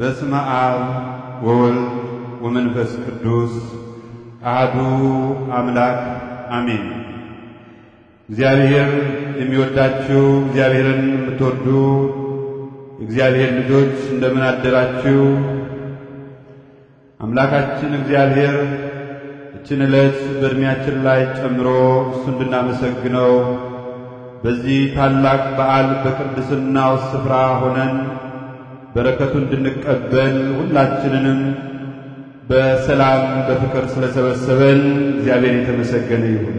በስመ አብ ወወልድ ወመንፈስ ቅዱስ አህዱ አምላክ አሜን። እግዚአብሔር የሚወዳችሁ እግዚአብሔርን የምትወዱ እግዚአብሔር ልጆች እንደምን አደራችሁ? አምላካችን እግዚአብሔር እችን ዕለት በዕድሜያችን ላይ ጨምሮ እሱ እንድናመሰግነው በዚህ ታላቅ በዓል በቅድስናው ስፍራ ሆነን በረከቱ እንድንቀበል ሁላችንንም በሰላም በፍቅር ስለሰበሰበን እግዚአብሔር የተመሰገነ ይሁን።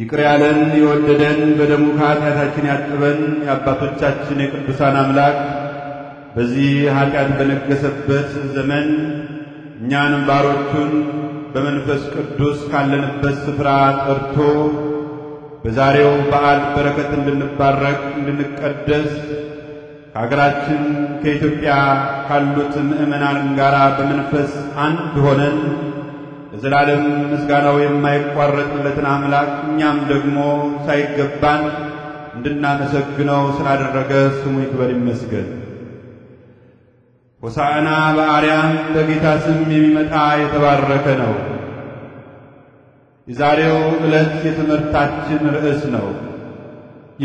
ይቅር ያለን የወደደን በደሙ ከኃጢአታችን ያጠበን የአባቶቻችን የቅዱሳን አምላክ በዚህ ኃጢአት በነገሰበት ዘመን እኛን ባሮቹን በመንፈስ ቅዱስ ካለንበት ስፍራ ጠርቶ በዛሬው በዓል በረከት እንድንባረክ እንድንቀደስ ከሀገራችን ከኢትዮጵያ ካሉት ምእመናን ጋር በመንፈስ አንድ ሆነን ለዘላለም ምስጋናው የማይቋረጥለትን አምላክ እኛም ደግሞ ሳይገባን እንድናመሰግነው ስላደረገ ስሙ ይክበር ይመስገን። ሆሳዕና በአርያም በጌታ ስም የሚመጣ የተባረከ ነው። የዛሬው ዕለት የትምህርታችን ርዕስ ነው።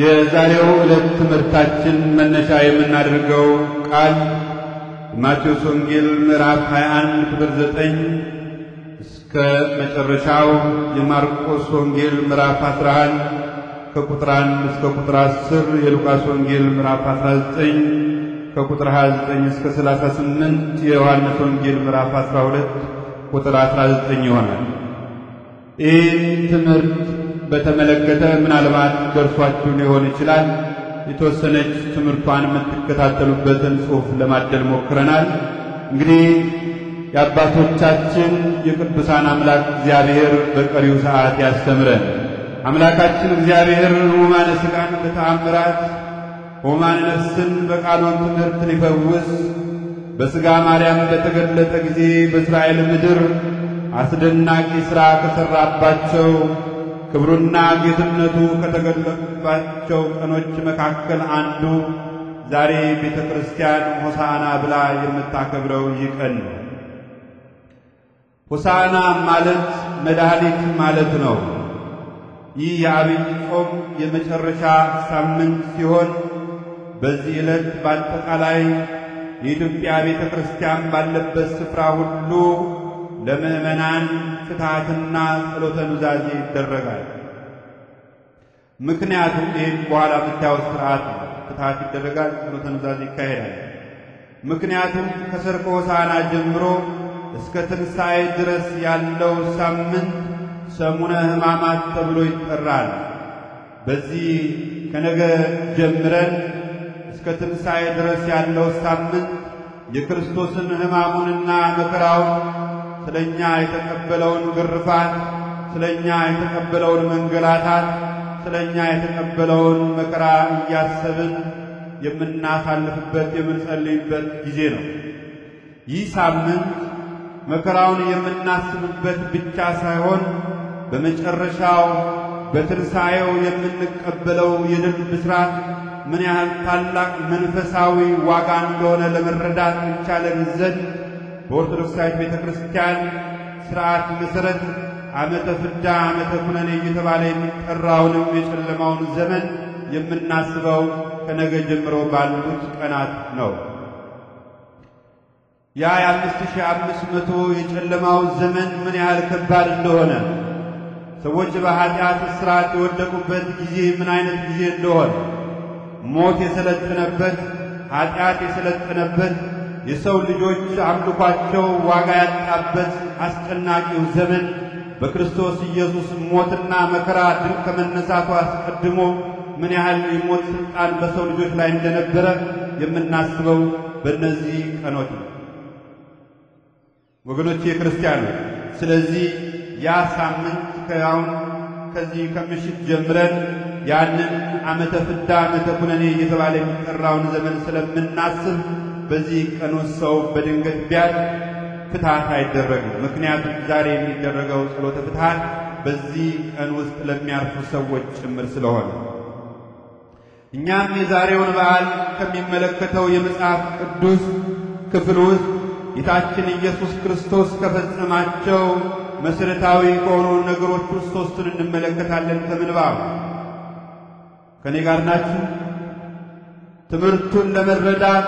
የዛሬው ዕለት ትምህርታችን መነሻ የምናደርገው ቃል ማቴዎስ ወንጌል ምዕራፍ 21 ክፍል 9 እስከ መጨረሻው፣ የማርቆስ ወንጌል ምዕራፍ 11 ከቁጥር 1 እስከ ቁጥር 10፣ የሉቃስ ወንጌል ምዕራፍ 19 ከቁጥር 29 እስከ 38፣ የዮሐንስ ወንጌል ምዕራፍ 12 ቁጥር 19 ይሆናል። ይህ ትምህርት በተመለከተ ምናልባት ደርሷችሁ ሊሆን ይችላል የተወሰነች ትምህርቷን የምትከታተሉበትን ጽሑፍ ለማደል ሞክረናል። እንግዲህ የአባቶቻችን የቅዱሳን አምላክ እግዚአብሔር በቀሪው ሰዓት ያስተምረን። አምላካችን እግዚአብሔር ሕሙማነ ሥጋን በተአምራት ሕሙማነ ነፍስን በቃሎን ትምህርት ሊፈውስ በሥጋ ማርያም በተገለጠ ጊዜ በእስራኤል ምድር አስደናቂ ሥራ ከሠራባቸው ክብሩና ጌትነቱ ከተገለጡባቸው ቀኖች መካከል አንዱ ዛሬ ቤተ ክርስቲያን ሆሳና ብላ የምታከብረው ይህ ቀን ነው። ሆሳና ማለት መድኃኒት ማለት ነው። ይህ የአብይ ጾም የመጨረሻ ሳምንት ሲሆን በዚህ ዕለት በአጠቃላይ የኢትዮጵያ ቤተ ክርስቲያን ባለበት ስፍራ ሁሉ ለምእመናን ፍትሐትና ጸሎተ ኑዛዜ ይደረጋል። ምክንያቱም ይህም በኋላ የምታዩት ስርዓት ነው። ፍትሐት ይደረጋል፣ ጸሎተ ኑዛዜ ይካሄዳል። ምክንያቱም ከሰርቆ ሆሳዕና ጀምሮ እስከ ትንሣኤ ድረስ ያለው ሳምንት ሰሙነ ሕማማት ተብሎ ይጠራል። በዚህ ከነገ ጀምረን እስከ ትንሣኤ ድረስ ያለው ሳምንት የክርስቶስን ሕማሙንና መከራውን ስለ እኛ የተቀበለውን ግርፋት፣ ስለ እኛ የተቀበለውን መንገላታት፣ ስለ እኛ የተቀበለውን መከራ እያሰብን የምናሳልፍበት የምንጸልይበት ጊዜ ነው። ይህ ሳምንት መከራውን የምናስብበት ብቻ ሳይሆን በመጨረሻው በትንሣኤው የምንቀበለው የድል ብስራት ምን ያህል ታላቅ መንፈሳዊ ዋጋ እንደሆነ ለመረዳት ይቻለን ዘንድ በኦርቶዶክሳዊት ቤተ ክርስቲያን ሥርዓት መሠረት ዓመተ ፍዳ ዓመተ ኩነኔ እየተባለ የሚጠራውንም የጨለማውን ዘመን የምናስበው ከነገ ጀምሮ ባሉት ቀናት ነው። ያ የአምስት ሺህ አምስት መቶ የጨለማው ዘመን ምን ያህል ከባድ እንደሆነ ሰዎች በኃጢአት እስራት የወደቁበት ጊዜ ምን አይነት ጊዜ እንደሆነ ሞት የሰለጠነበት ኃጢአት የሰለጠነበት የሰው ልጆች አምልኳቸው ዋጋ ያጣበት አስጨናቂው ዘመን በክርስቶስ ኢየሱስ ሞትና መከራ ድል ከመነሳቱ አስቀድሞ ምን ያህል የሞት ሥልጣን በሰው ልጆች ላይ እንደነበረ የምናስበው በእነዚህ ቀኖች ነው። ወገኖቼ ክርስቲያኖች፣ ስለዚህ ያ ሳምንት ከአሁን ከዚህ ከምሽት ጀምረን ያንን ዓመተ ፍዳ ዓመተ ኩነኔ እየተባለ የሚጠራውን ዘመን ስለምናስብ በዚህ ቀን ሰው በድንገት ቢያልፍ ፍትሐት አይደረግም። ምክንያቱም ዛሬ የሚደረገው ጸሎተ ፍትሐት በዚህ ቀን ውስጥ ለሚያርፉ ሰዎች ጭምር ስለሆነ እኛም የዛሬውን በዓል ከሚመለከተው የመጽሐፍ ቅዱስ ክፍል ውስጥ ጌታችን ኢየሱስ ክርስቶስ ከፈጸማቸው መሠረታዊ ከሆኑ ነገሮች ውስጥ ሦስቱን እንመለከታለን። ከምንባብ ከእኔ ጋር ናችሁ? ትምህርቱን ለመረዳት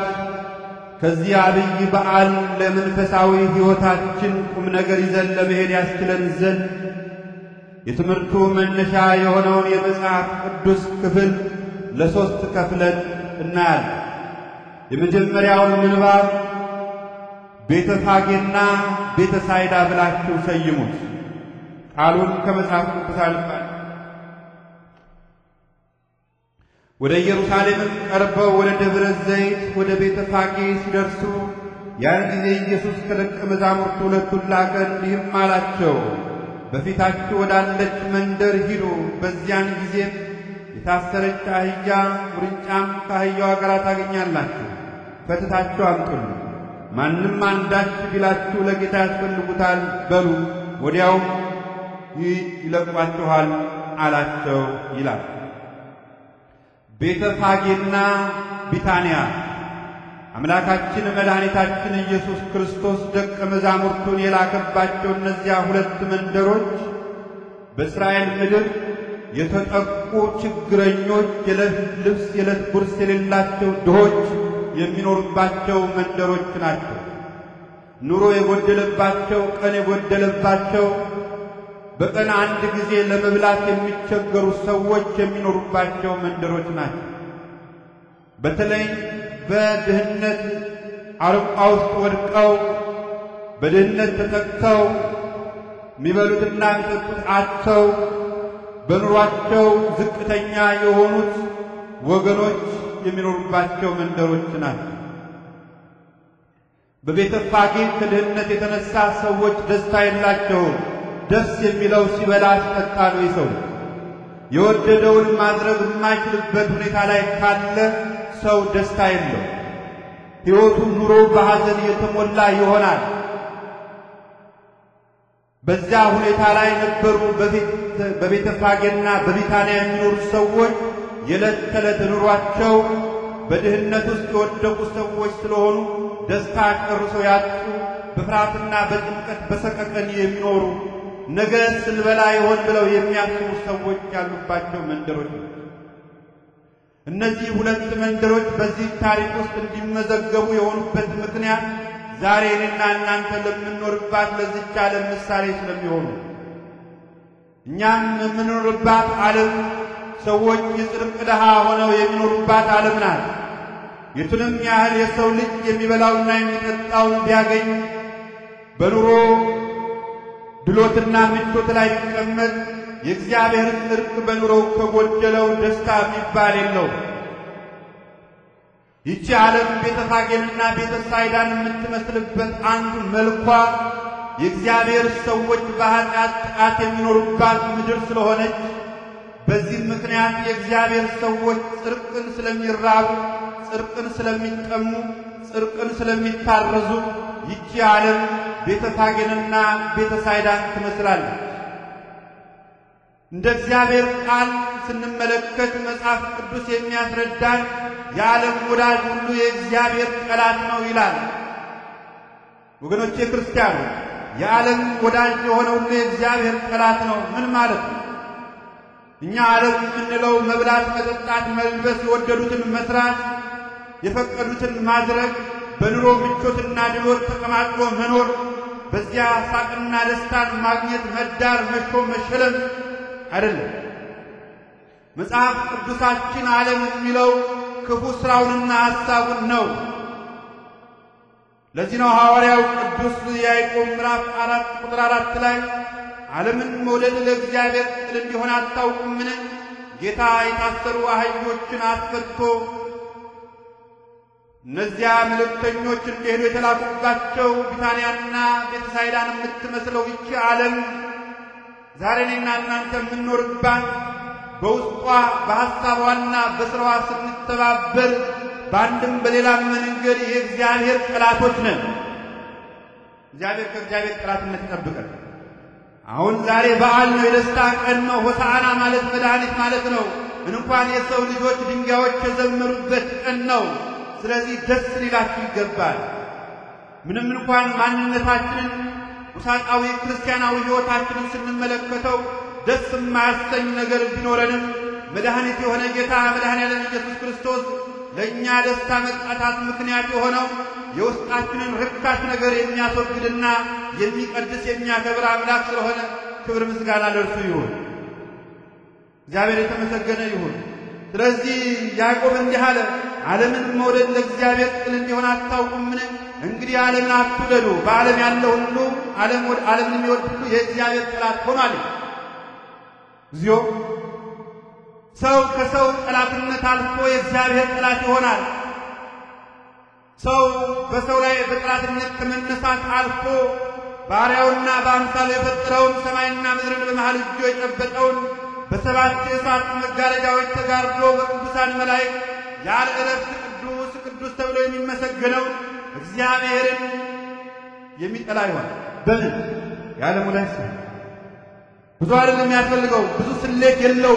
ከዚህ አብይ በዓል ለመንፈሳዊ ሕይወታችን ቁም ነገር ይዘን ለመሄድ ያስችለን ዘንድ የትምህርቱ መነሻ የሆነውን የመጽሐፍ ቅዱስ ክፍል ለሦስት ከፍለን እናያለን። የመጀመሪያውን ምንባብ ቤተ ፋጌና ቤተ ሳይዳ ብላችሁ ሰይሙት። ቃሉን ከመጽሐፍ ቅዱስ ወደ ኢየሩሳሌምም ቀርበው ወደ ደብረ ዘይት ወደ ቤተ ፋጌ ሲደርሱ ያን ጊዜ ኢየሱስ ከደቀ መዛሙርቱ ሁለቱን ላከ፣ እንዲህም አላቸው በፊታችሁ ወዳለች መንደር ሂዱ። በዚያን ጊዜም የታሰረች አህያ ውርንጫም ከአህያዋ ጋር ታገኛላችሁ፣ ፈትታችሁ አምጡልኝ። ማንም አንዳች ቢላችሁ ለጌታ ያስፈልጉታል በሉ፣ ወዲያውም ይለቋችኋል አላቸው ይላል። ቤተ ፋጌና ቢታንያ አምላካችን መድኃኒታችን ኢየሱስ ክርስቶስ ደቀ መዛሙርቱን የላከባቸው እነዚያ ሁለት መንደሮች በእስራኤል ምድር የተጠቁ ችግረኞች፣ የዕለት ልብስ የዕለት ጉርስ የሌላቸው ድሆች የሚኖሩባቸው መንደሮች ናቸው። ኑሮ የጎደለባቸው፣ ቀን የጎደለባቸው በቀን አንድ ጊዜ ለመብላት የሚቸገሩ ሰዎች የሚኖሩባቸው መንደሮች ናቸው። በተለይ በድህነት አረንቋ ውስጥ ወድቀው በድህነት ተጠቅተው የሚበሉትና የሚጠጡት አጥተው በኑሯቸው ዝቅተኛ የሆኑት ወገኖች የሚኖሩባቸው መንደሮች ናቸው። በቤተ ፋጌ ከድህነት የተነሳ ሰዎች ደስታ የላቸውም። ደስ የሚለው ሲበላ ሲጠጣ ነው። የሰው የወደደውን ማድረግ የማይችልበት ሁኔታ ላይ ካለ ሰው ደስታ የለው። ሕይወቱ ኑሮ በሐዘን የተሞላ ይሆናል። በዚያ ሁኔታ ላይ ነበሩ በቤተፋጌና በቢታንያ የሚኖሩ ሰዎች። የዕለት ተዕለት ኑሯቸው በድህነት ውስጥ የወደቁ ሰዎች ስለሆኑ ደስታ ጨርሶ ያጡ፣ በፍርሃትና በጭንቀት በሰቀቀን የሚኖሩ ነገ ስንበላ ይሆን ብለው የሚያስቡ ሰዎች ያሉባቸው መንደሮች ነው። እነዚህ ሁለት መንደሮች በዚህ ታሪክ ውስጥ እንዲመዘገቡ የሆኑበት ምክንያት ዛሬ እኔና እናንተ ለምንኖርባት ለዚች ዓለም ምሳሌ ስለሚሆኑ እኛም የምንኖርባት ዓለም ሰዎች የጽድቅ ድሃ ሆነው የሚኖሩባት ዓለም ናት። የቱንም ያህል የሰው ልጅ የሚበላውና የሚጠጣውን ቢያገኝ በኑሮ ድሎትና ምቾት ላይ ሲቀመጥ የእግዚአብሔር እርቅ በኑሮው ከጎደለው ደስታ የሚባል የለው። ይቺ ዓለም ቤተ ፋጌንና ቤተ ሳይዳን የምትመስልበት አንዱ መልኳ የእግዚአብሔር ሰዎች በኃጢአት ጥቃት የሚኖሩባት ምድር ስለሆነች በዚህ ምክንያት የእግዚአብሔር ሰዎች ጽድቅን ስለሚራቡ፣ ጽድቅን ስለሚጠሙ፣ ጽድቅን ስለሚታረዙ ይቺ ዓለም ቤተ ፋጌንና ቤተ ሳይዳን ትመስላለች። እንደ እግዚአብሔር ቃል ስንመለከት መጽሐፍ ቅዱስ የሚያስረዳን የዓለም ወዳጅ ሁሉ የእግዚአብሔር ጠላት ነው ይላል። ወገኖቼ ክርስቲያኖች፣ የዓለም ወዳጅ የሆነ ሁሉ የእግዚአብሔር ጠላት ነው። ምን ማለት ነው? እኛ ዓለም የምንለው መብላት፣ መጠጣት፣ መልበስ፣ የወደዱትን መስራት፣ የፈቀዱትን ማድረግ በኑሮ ምቾትና ድሎት ተቀማጥሎ መኖር፣ በዚያ ሳቅና ደስታን ማግኘት፣ መዳር፣ መሾም፣ መሸለም አይደለም። መጽሐፍ ቅዱሳችን ዓለም የሚለው ክፉ ሥራውንና ሐሳቡን ነው። ለዚህ ነው ሐዋርያው ቅዱስ ያዕቆብ ምዕራፍ አራት ቁጥር አራት ላይ ዓለምን መውደድ ለእግዚአብሔር ጥል እንዲሆን አታውቁምን? ጌታ የታሰሩ አህዮችን አስፈትቶ እነዚያ መልእክተኞች እንደሄዱ የተላኩባቸው ቢታንያና ቤተሳይዳን የምትመስለው ይቺ ዓለም ዛሬ እኔና እናንተ የምንኖርባት በውስጧ በሐሳቧና በስራዋ ስንተባበር በአንድም በሌላም መንገድ የእግዚአብሔር ጠላቶች ነን። እግዚአብሔር ከእግዚአብሔር ጠላትነት ይጠብቀን። አሁን ዛሬ በዓል ነው፣ የደስታ ቀን ነው። ሆሳዕና ማለት መድኃኒት ማለት ነው። እንኳን የሰው ልጆች ድንጋዮች የዘመሩበት ቀን ነው። ስለዚህ ደስ ሊላችሁ ይገባል። ምንም እንኳን ማንነታችንን ውሳጣዊ ክርስቲያናዊ ሕይወታችንን ስንመለከተው ደስ የማያሰኝ ነገር ቢኖረንም መድኃኒት የሆነ ጌታ ያለን ኢየሱስ ክርስቶስ ለእኛ ደስታ መጣታት ምክንያት የሆነው የውስጣችንን ርካሽ ነገር የሚያስወግድና የሚቀድስ የሚያከብር አምላክ ስለሆነ ክብር ምስጋና ለእርሱ ይሁን። እግዚአብሔር የተመሰገነ ይሁን። ስለዚህ ያዕቆብ እንዲህ አለ፣ ዓለምን መውደድ ለእግዚአብሔር ጥል እንዲሆን አታውቁምን? እንግዲህ ዓለምን አትውደዱ። በዓለም ያለው ሁሉ ዓለምን የሚወድ ሁሉ የእግዚአብሔር ጠላት ሆኗል። እዚዮ ሰው ከሰው ጠላትነት አልፎ የእግዚአብሔር ጠላት ይሆናል። ሰው በሰው ላይ በጠላትነት ከመነሳት አልፎ ባሪያውና በአምሳሉ የፈጠረውን ሰማይና ምድርን በመሃል እጆ የጨበጠውን በሰባት የእሳት መጋረጃዎች ተጋርዶ በቅዱሳን መላእክት ያለ ቅዱስ ቅዱስ ተብሎ የሚመሰገነው እግዚአብሔርን የሚጠላ ይሆን? በምን የዓለሙ ላይ ሲሆን ብዙ አይደለም የሚያስፈልገው፣ ብዙ ስሌት የለው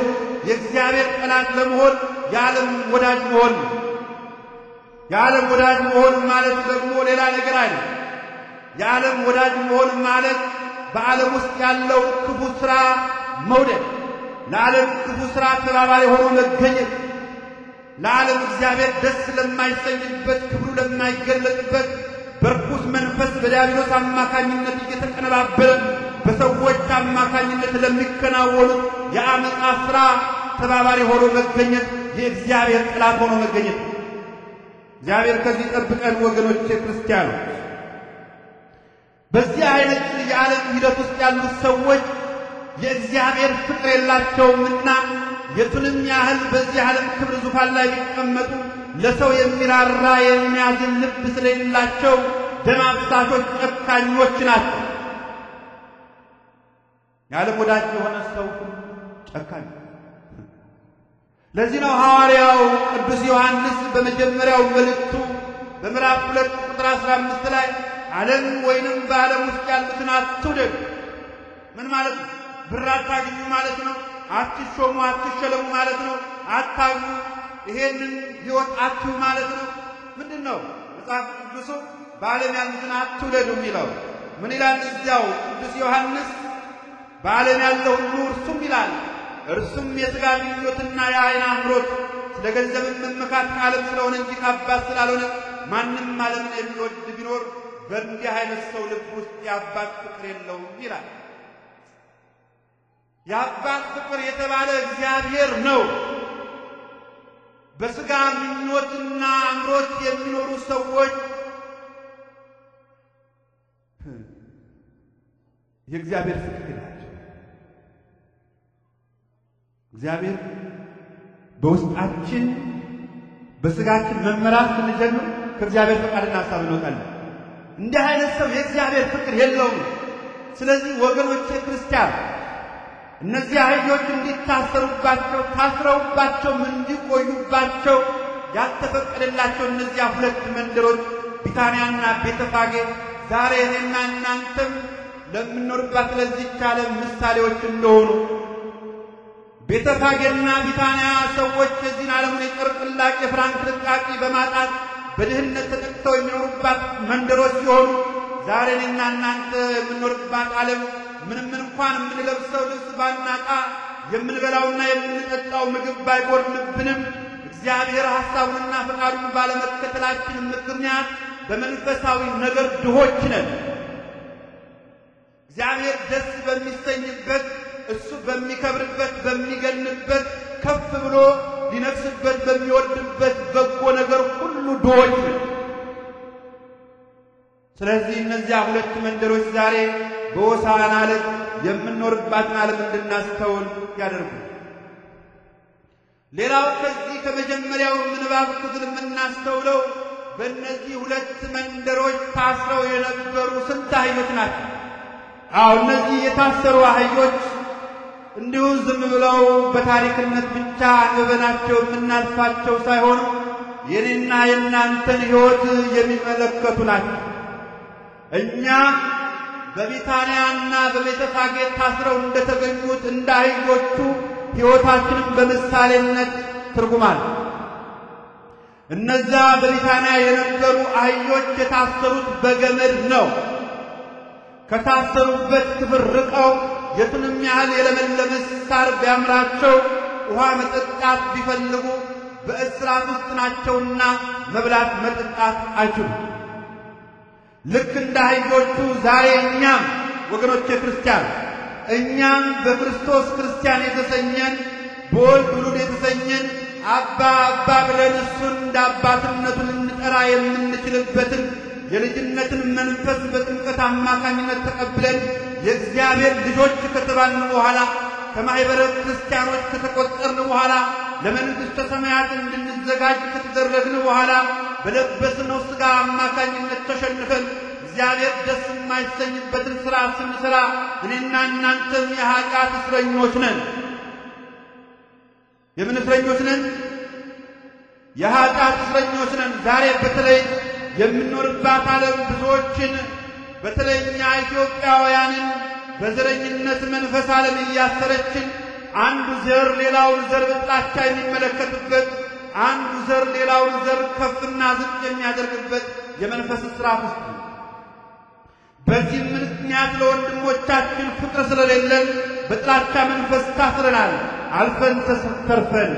የእግዚአብሔር ጠላት ለመሆን የዓለም ወዳጅ መሆን ነው። የዓለም ወዳጅ መሆን ማለት ደግሞ ሌላ ነገር አለ። የዓለም ወዳጅ መሆን ማለት በዓለም ውስጥ ያለው ክፉ ሥራ መውደድ ለዓለም ክፉ ሥራ አተባባሪ ሆኖ መገኘት ለዓለም እግዚአብሔር ደስ ለማይሰኝበት ክብሩ ለማይገለጥበት በርኩስ መንፈስ በዲያብሎስ አማካኝነት እየተቀነባበረን በሰዎች አማካኝነት ለሚከናወኑት የአመፃ ሥራ ተባባሪ ሆኖ መገኘት የእግዚአብሔር ጠላት ሆኖ መገኘት እግዚአብሔር ከዚህ ጠብቀን ወገኖቼ ክርስቲያኖች። በዚህ አይነት የዓለም ሂደት ውስጥ ያሉት ሰዎች የእግዚአብሔር ፍቅር የላቸውምና የቱንም ያህል በዚህ ዓለም ክብር ዙፋን ላይ ቢቀመጡ ለሰው የሚራራ የሚያዝን ልብ ስለሌላቸው ደም አፍሳሾች፣ ጨካኞች ናቸው። የዓለም ወዳጅ የሆነ ሰው ጨካኝ። ለዚህ ነው ሐዋርያው ቅዱስ ዮሐንስ በመጀመሪያው መልእክቱ በምዕራፍ ሁለት ቁጥር አስራ አምስት ላይ ዓለም ወይንም በዓለም ውስጥ ያሉትን አትውደዱ። ምን ማለት ነው? ብር አታግኙ ማለት ነው። አትሾሙ አትሸለሙ ማለት ነው። አታግኙ ይሄንን ሕይወት አትዩ ማለት ነው። ምንድን ነው መጽሐፍ ቅዱሱ በዓለም ያሉትን አትውለዱ የሚለው ምን ይላል? እዚያው ቅዱስ ዮሐንስ በዓለም ያለው ሁሉ እርሱም ይላል እርሱም የሥጋ ምኞትና የዓይን አምሮት ስለ ገንዘብም መመካት ከዓለም ስለሆነ እንጂ ከአባት ስላልሆነ ማንም ዓለምን የሚወድ ቢኖር በእንዲህ አይነት ሰው ልብ ውስጥ የአባት ፍቅር የለውም ይላል። የአባት ፍቅር የተባለ እግዚአብሔር ነው። በሥጋ ምኞትና አምሮት የሚኖሩ ሰዎች የእግዚአብሔር ፍቅር ናቸው። እግዚአብሔር በውስጣችን በሥጋችን መመራት ስንጀምር ከእግዚአብሔር ፈቃድና ሀሳብ እንወጣለን። እንዲህ አይነት ሰው የእግዚአብሔር ፍቅር የለውም። ስለዚህ ወገኖቼ ክርስቲያን እነዚህ አህዮች እንዲታሰሩባቸው ታስረውባቸውም እንዲቆዩባቸው ያልተፈቀደላቸው እነዚያ ሁለት መንደሮች ቢታንያና ቤተፋጌ ዛሬ እኔና እናንተም ለምንኖርባት ለዚች ዓለም ምሳሌዎች እንደሆኑ ቤተፋጌና ቢታንያ ሰዎች የዚህን ዓለሙን የጨርቅ ቅላጭ የፍራን በማጣት በድህነት ተጠቅተው የሚኖሩባት መንደሮች ሲሆኑ ዛሬ እኔና እናንተ የምንኖርባት ዓለም ምንም እንኳን የምንለብሰው ልብስ ባናጣ የምንበላውና የምንጠጣው ምግብ ባይጎድልብንም እግዚአብሔር ሐሳቡንና ፈቃዱን ባለመከተላችን ምክንያት በመንፈሳዊ ነገር ድሆች ነን። እግዚአብሔር ደስ በሚሰኝበት እሱ በሚከብርበት በሚገንበት ከፍ ብሎ ሊነግስበት በሚወድበት በጎ ነገር ሁሉ ድሆች ነን። ስለዚህ እነዚያ ሁለት መንደሮች ዛሬ በወሳና ዕለት የምንኖርባትን ዓለም እንድናስተውል ያደርጉ። ሌላው ከዚህ ከመጀመሪያው ምንባብ ክፍል የምናስተውለው በእነዚህ ሁለት መንደሮች ታስረው የነበሩ ስንት አህዮች ናቸው? አዎ እነዚህ የታሰሩ አህዮች እንዲሁ ዝም ብለው በታሪክነት ብቻ አንብበናቸው የምናልፋቸው ሳይሆኑ የኔና የእናንተን ሕይወት የሚመለከቱ ናቸው። እኛ በቢታንያና በቤተፋጌ ታስረው እንደተገኙት እንደ አህዮቹ ሕይወታችንን በምሳሌነት ትርጉማል። እነዛ በቢታንያ የነበሩ አህዮች የታሰሩት በገመድ ነው። ከታሰሩበት ክብር ርቀው የቱንም ያህል የለመለመ ሳር ቢያምራቸው ውሃ መጠጣት ቢፈልጉ በእስራት ውስጥ ናቸውና መብላት መጠጣት አይችሉም። ልክ እንደ አህዮቹ ዛሬ እኛም ወገኖቼ ክርስቲያን እኛም በክርስቶስ ክርስቲያን የተሰኘን በወልድ ውሉድ የተሰኘን አባ አባ ብለን እሱን እንደ አባትነቱ ልንጠራ የምንችልበትን የልጅነትን መንፈስ በጥምቀት አማካኝነት ተቀብለን የእግዚአብሔር ልጆች ከተባልን በኋላ ከማኅበረ ክርስቲያኖች ከተቆጠርን በኋላ ለመንግሥተ ሰማያት እንድንዘጋጅ ከተደረግን በኋላ በለበስነው ሥጋ አማካኝነት ተሸንፈን እግዚአብሔር ደስ የማይሰኝበትን ሥራ ስንሠራ እኔና እናንተም የኀጢአት እስረኞች ነን። የምን እስረኞች ነን? የኀጢአት እስረኞች ነን። ዛሬ በተለይ የምንኖርባት ዓለም ብዙዎችን በተለይ እኛ ኢትዮጵያውያንን በዘረኝነት መንፈስ ዓለም እያሰረችን አንዱ ዘር ሌላውን ዘር በጥላቻ የሚመለከትበት አንዱ ዘር ሌላውን ዘር ከፍና ዝቅ የሚያደርግበት የመንፈስ ስራት ውስጥ ነው። በዚህ ምክንያት ለወንድሞቻችን ፍቅር ስለሌለን በጥላቻ መንፈስ ታስረናል። አልፈን ተርፈን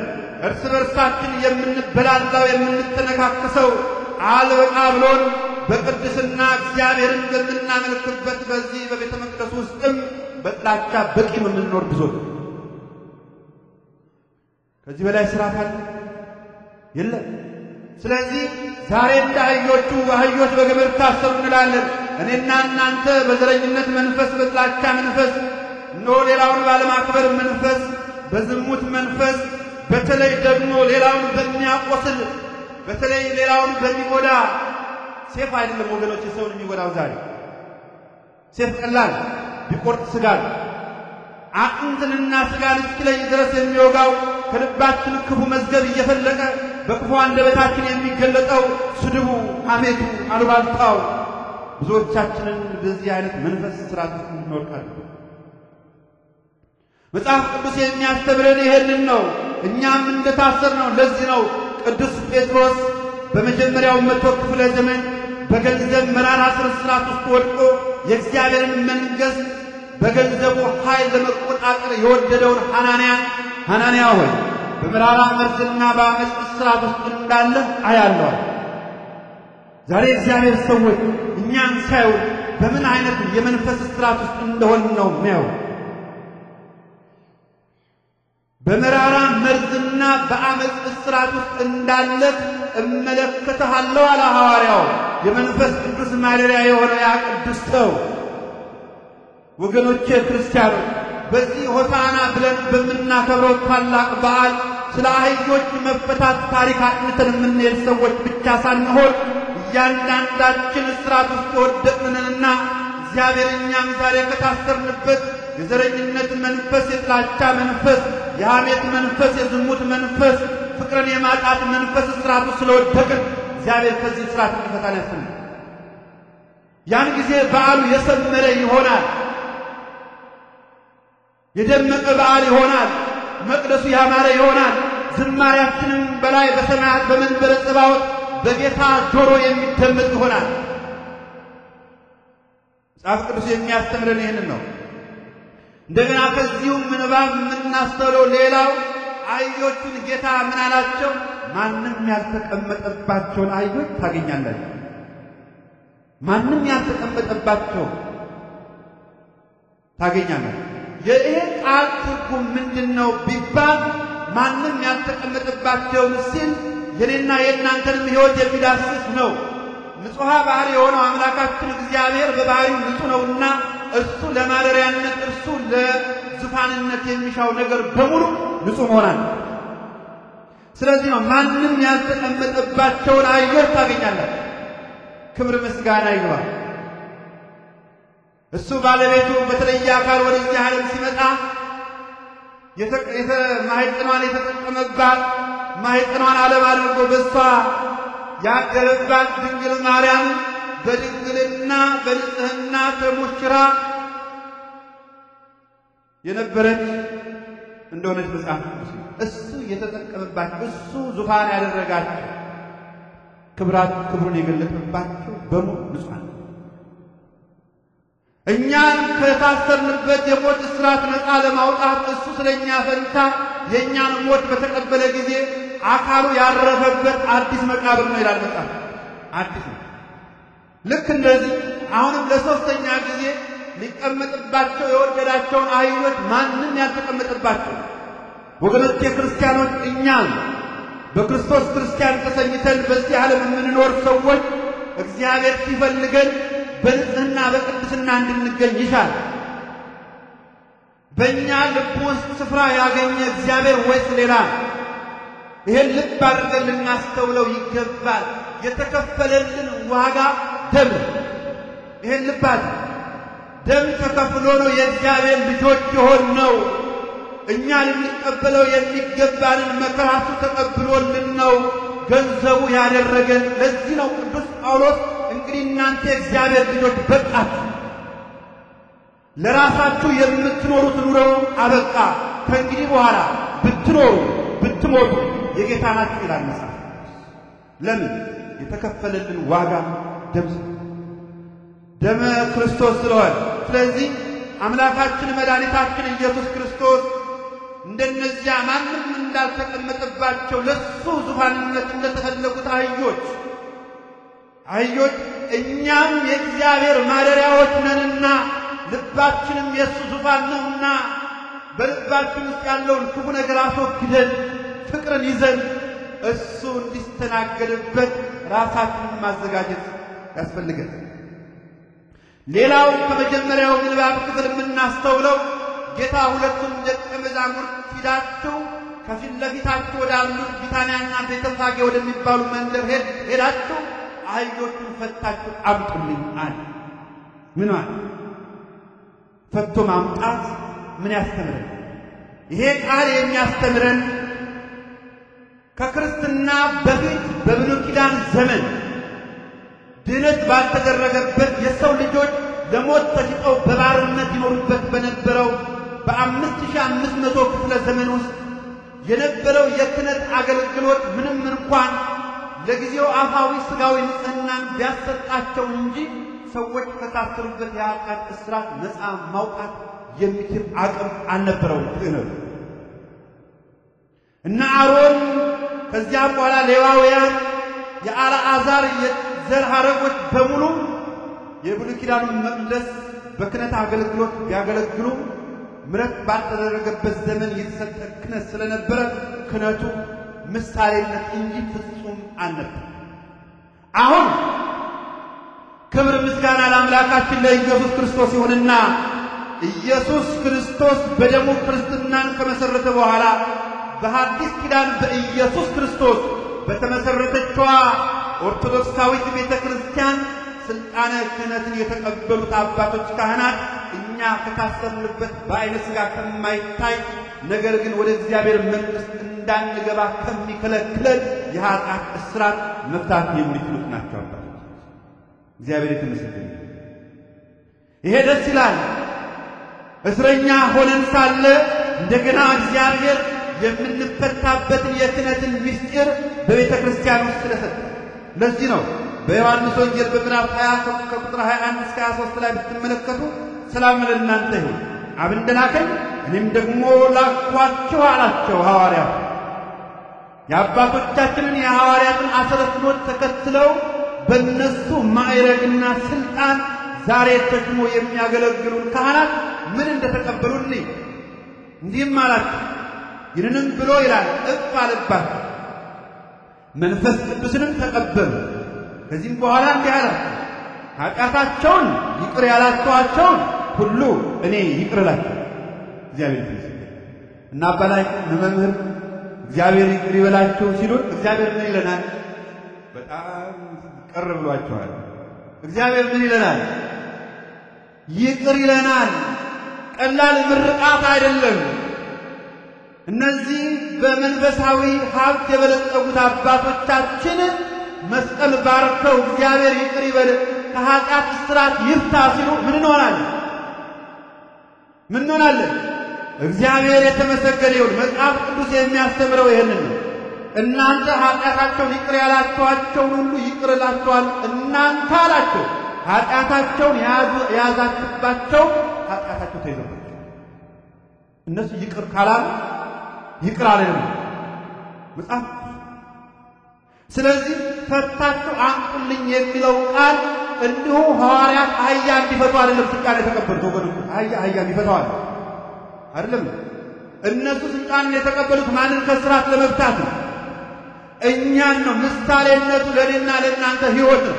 እርስ በርሳችን የምንበላላው የምንተነካከሰው አልበቃ ብሎን በቅድስና እግዚአብሔርን በምናመልክበት በዚህ በቤተ መቅደስ ውስጥም በጥላቻ በቂ የምንኖር ብዙዎች ከዚህ በላይ ስራ ካለ የለም። ስለዚህ ዛሬ እንደ አህዮቹ አህዮች በገመድ ታሰሩ እንላለን። እኔና እናንተ በዘረኝነት መንፈስ፣ በጥላቻ መንፈስ፣ እነሆ ሌላውን ባለማክበር መንፈስ፣ በዝሙት መንፈስ፣ በተለይ ደግሞ ሌላውን በሚያቆስል በተለይ ሌላውን በሚጎዳ ሴፍ አይደለም ወገኖች፣ ሰውን የሚጎዳው ዛሬ ሴፍ ቀላል ቢቆርጥ ስጋ ነው። አጥንትንና ስጋን እስኪለይ ድረስ የሚወጋው ከልባችን ክፉ መዝገብ እየፈለቀ በክፉ አንደበታችን የሚገለጠው ስድቡ፣ ሐሜቱ፣ አሉባልታው ብዙዎቻችንን በዚህ አይነት መንፈስ ስርዓት ውስጥ እንወድቃለን። መጽሐፍ ቅዱስ የሚያስተምረን ይሄንን ነው። እኛም ነው ለዚህ ነው ቅዱስ ጴጥሮስ በመጀመሪያው መቶ ክፍለ ዘመን በገንዘብ መራራ ስርስራት ውስጥ ወድቆ የእግዚአብሔርን መንግሥት በገንዘቡ ኃይል ለመቆጣጠር የወደደውን ሐናንያ ሐናንያ ሆይ በመራራ መርዝና በአመፅ እስራት ውስጥ እንዳለህ አያለዋል። ዛሬ እግዚአብሔር ሰዎች እኛን ሳይሆን በምን አይነት የመንፈስ እስራት ውስጥ እንደሆን ነው ሚያው በመራራ መርዝና በአመፅ እስራት ውስጥ እንዳለህ እመለከተሃለሁ አለ ሐዋርያው። የመንፈስ ቅዱስ ማደሪያ የሆነ ያ ቅዱስ ሰው ወገኖቼ ክርስቲያኖች በዚህ ሆሳና ብለን በምናከብረው ታላቅ በዓል ስለ አህዮች መፈታት ታሪክ አጥንተን የምንሄድ ሰዎች ብቻ ሳንሆን እያንዳንዳችን እስራት ውስጥ የወደቅንንና እግዚአብሔር እኛም ዛሬ ከታሰርንበት የዘረኝነት መንፈስ፣ የጥላቻ መንፈስ፣ የሐሜት መንፈስ፣ የዝሙት መንፈስ፣ ፍቅርን የማጣት መንፈስ እስራቱ ስለወደቅን እግዚአብሔር ከዚህ ስርዓት እንዲፈታን ያስፈልግ። ያን ጊዜ በዓሉ የሰመረ ይሆናል፣ የደመቀ በዓል ይሆናል። መቅደሱ ያማረ ይሆናል። ዝማሪያችንም በላይ በሰማያት በመንበረ ጸባዖት በጌታ ጆሮ የሚደመጥ ይሆናል። መጽሐፍ ቅዱስ የሚያስተምረን ይህንን ነው። እንደገና ከዚሁም ምንባብ የምናስተውለው ሌላው አህዮቹን ጌታ ምን አላቸው? ማንም ያልተቀመጠባቸውን አህዮች ታገኛላችሁ። ማንም ያልተቀመጠባቸው ታገኛላችሁ። የይህ ቃል ትርጉም ምንድን ነው ቢባል ማንም ያልተቀመጠባቸውን ሲል የኔና የእናንተንም ሕይወት የሚዳስስ ነው። ንጹሐ ባህሪ የሆነው አምላካችን እግዚአብሔር በባህሪው ንጹሕ ነውና እሱ ለማደሪያነት እርሱ ሽፋንነት የሚሻው ነገር በሙሉ ንጹህ ሆናል። ስለዚህ ነው ማንም ያልተቀመጠባቸውን አየር ታገኛለህ። ክብር ምስጋና ይግባል። እሱ ባለቤቱ በተለየ አካል ወደዚህ ዓለም ሲመጣ ማህፀኗን የተጠቀመባት ማህፀኗን ዓለም አድርጎ በሷ ያደረባት ድንግል ማርያም በድንግልና በንጽህና ተሞሽራ የነበረች እንደሆነች መጽሐፍ ቅዱስ እሱ የተጠቀመባት እሱ ዙፋን ያደረጋቸው ክብራት ክብሩን የገለጠባቸው በሙሉ ንጹሐን እኛን ከታሰርንበት የሞት እስራት ነፃ ለማውጣት እሱ ስለ እኛ ፈንታ የእኛን ሞት በተቀበለ ጊዜ አካሉ ያረፈበት አዲስ መቃብር ነው ይላል መጽሐፍ። አዲስ ነው። ልክ እንደዚህ አሁንም ለሶስተኛ ጊዜ ሊቀመጥባቸው የወደዳቸውን አይወት ማንም ያልተቀመጠባቸው ወገኖቼ ክርስቲያኖች፣ እኛም በክርስቶስ ክርስቲያን ተሰኝተን በዚህ ዓለም የምንኖር ሰዎች እግዚአብሔር ሲፈልገን በንጽህና በቅድስና እንድንገኝ ይሻል። በእኛ ልብ ውስጥ ስፍራ ያገኘ እግዚአብሔር ወይስ ሌላ? ይሄን ልብ አድርገን ልናስተውለው ይገባል። የተከፈለልን ዋጋ ደም ይሄን ልብ አድርገን ደም ተከፍሎ ነው የእግዚአብሔር ልጆች የሆን ነው። እኛ ልንቀበለው የሚገባንን መከራ እሱ ተቀብሎልን ነው ገንዘቡ ያደረገን። ለዚህ ነው ቅዱስ ጳውሎስ እንግዲህ እናንተ የእግዚአብሔር ልጆች በቃት ለራሳችሁ የምትኖሩት ኑሮ አበቃ። ከእንግዲህ በኋላ ብትኖሩ ብትሞቱ የጌታ ናችሁ ይላል መጽሐፍ። ለምን የተከፈለልን ዋጋ ደም ደመ ክርስቶስ ስለሆነ ስለዚህ አምላካችን መድኃኒታችን ኢየሱስ ክርስቶስ እንደነዚያ ማንም እንዳልተቀመጠባቸው ለሱ ዙፋንነት እንደተፈለጉት አህዮች አህዮች እኛም የእግዚአብሔር ማደሪያዎች ነንና ልባችንም የእሱ ዙፋን ነውና በልባችን ውስጥ ያለውን ክፉ ነገር አስወግደን ፍቅርን ይዘን እሱ እንዲስተናገድበት ራሳችንን ማዘጋጀት ያስፈልገን። ሌላው ከመጀመሪያው ምንባብ ክፍል የምናስተውለው ጌታ ሁለቱም ደቀ መዛሙርት ፊዳቸው ከፊት ለፊታችሁ ወዳሉት ቢታንያና ቤተፋጌ ወደሚባሉ መንደር ሄዳቸው አህዮቹን ፈታችሁ አምጡልኝ አለ። ምን አለ? ፈቶ ማምጣት ምን ያስተምረን? ይሄ ቃል የሚያስተምረን ከክርስትና በፊት በብሉይ ኪዳን ዘመን ድነት ባልተደረገበት የሰው ልጆች ለሞት ተሽጠው በባርነት ይኖሩበት በነበረው በአምስት ሺህ አምስት መቶ ክፍለ ዘመን ውስጥ የነበረው የክነት አገልግሎት ምንም እንኳን ለጊዜው አፋዊ ሥጋዊ ንጽህናን ቢያሰጣቸው እንጂ ሰዎች ከታሰሩበት የኃጢአት እስራት ነፃ ማውጣት የሚችል አቅም አልነበረውም። ክህነቱ እና አሮን ከዚያም በኋላ ሌዋውያን የአልዓዛር ዘር ሀረጎች በሙሉ የብሉይ ኪዳኑን መቅደስ በክህነት አገልግሎት ቢያገለግሉ ምረት ባልተደረገበት ዘመን የተሰጠ ክህነት ስለነበረ ክህነቱ ምሳሌነት እንጂ ፍጹም አልነበር። አሁን ክብር ምስጋና ለአምላካችን ለኢየሱስ ክርስቶስ ይሁንና ኢየሱስ ክርስቶስ በደሙ ክርስትናን ከመሰረተ በኋላ በሐዲስ ኪዳን በኢየሱስ ክርስቶስ በተመሰረተችዋ ኦርቶዶክሳዊት ቤተ ክርስቲያን ስልጣነ ክህነትን የተቀበሉት አባቶች ካህናት እኛ ከታሰርንበት በአይነ ሥጋ ከማይታይ ነገር ግን ወደ እግዚአብሔር መንግሥት እንዳንገባ ከሚከለክለን የኃጢአት እስራት መፍታት የሚችሉት ናቸው አባቶች። እግዚአብሔር የተመሰገነ ይሄ ደስ ይላል። እስረኛ ሆነን ሳለ እንደገና እግዚአብሔር የምንፈታበትን የክህነትን ምስጢር በቤተ ክርስቲያን ውስጥ ስለሰጠ ለዚህ ነው በዮሐንስ ወንጌል በምዕራፍ 20 ከቁጥር 21 እስከ 23 ላይ ብትመለከቱ ሰላም ለእናንተ ይሁን፣ አብ እንደላከኝ እኔም ደግሞ ላኳችሁ አላቸው። ሐዋርያው የአባቶቻችንን የሐዋርያትን አሰረፍኖት ተከትለው በእነሱ ማዕረግና ስልጣን ዛሬ ደግሞ የሚያገለግሉን ካህናት ምን እንደተቀበሉልኝ እንዲህም አላቸው። ይህንንም ብሎ ይላል እፍ አለባቸው መንፈስ ቅዱስንም ተቀበሉ። ከዚህም በኋላ እንዲህ አላቸው፣ ኃጢአታቸውን ይቅር ያላችኋቸውን ሁሉ እኔ ይቅር እላቸው። እግዚአብሔር ይመስገን እና አባላይ መምህር እግዚአብሔር ይቅር ይበላቸው ሲሉን እግዚአብሔር ምን ይለናል? በጣም ቅር ብሏቸዋል። እግዚአብሔር ምን ይለናል? ይቅር ይለናል። ቀላል ምርቃት አይደለም። እነዚህ በመንፈሳዊ ሀብት የበለጸጉት አባቶቻችን መስቀል ባርከው እግዚአብሔር ይቅር ይበል ከኃጢአት እስራት ይፍታ ሲሉ ምን እንሆናለን? ምን እንሆናለን? እግዚአብሔር የተመሰገነ ይሁን። መጽሐፍ ቅዱስ የሚያስተምረው ይህንን ነው። እናንተ ኃጢአታቸውን ይቅር ያላችኋቸውን ሁሉ ይቅር እላችኋል። እናንተ አላቸው ኃጢአታቸውን የያዛችባቸው ኃጢአታቸው ተይዘባቸው እነሱ ይቅር ካላሉ ይቅር አለንም መጽሐፍ። ስለዚህ ፈታችሁ አምጡልኝ የሚለው ቃል እንዲሁ ሐዋርያት አህያ እንዲፈቱ አይደለም ስልጣን የተቀበሉት ወገኑ አህያ አህያ ይፈታዋል አይደለም። እነሱ ስልጣን የተቀበሉት ማንን ከስራት ለመፍታት ነው? እኛን ነው። ምሳሌነቱ ለእኔና ለእናንተ ህይወት ነው።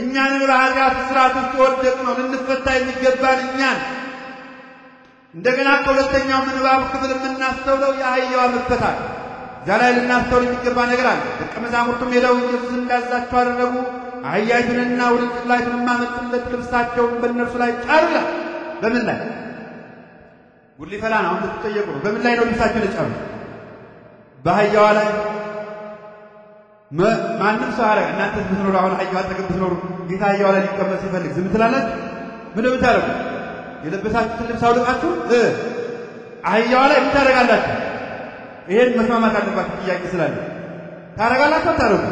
እኛንም ለኃጢአት ስርዓት ውስጥ የወደቅነው ልንፈታ የሚገባን እኛን እንደገና ከሁለተኛው ምንባብ ክፍል የምናስተውለው የአህያዋ መፈታት እዛ ላይ ልናስተውል የሚገባ ነገር አለ። ደቀ መዛሙርቱም ሄደው ኢየሱስ እንዳዛቸው አደረጉ። አህያይቱንና ውርንጭላይቱን የማመጡለት ልብሳቸውን በእነርሱ ላይ ጫሩ በምን ላይ ጉድ ሊፈላ ነው? አሁን ልትጠየቁ ነው። በምን ላይ ነው ልብሳቸውን የጫሩ? በአህያዋ ላይ። ማንም ሰው አረ እናንተ ብትኖሩ፣ አሁን አህያዋ አጠገብ ብትኖሩ ጌታ አህያዋ ላይ ሊቀመጥ ሲፈልግ ዝም ትላለት? ምን ብታረጉ የለበሳችሁትን ልብስ አውልቃችሁ አህያዋ ላይ ምን ታደርጋላችሁ? ይሄን መስማማት አለባችሁ። ጥያቄ ስላለ ታደርጋላችሁ አታደርጉ?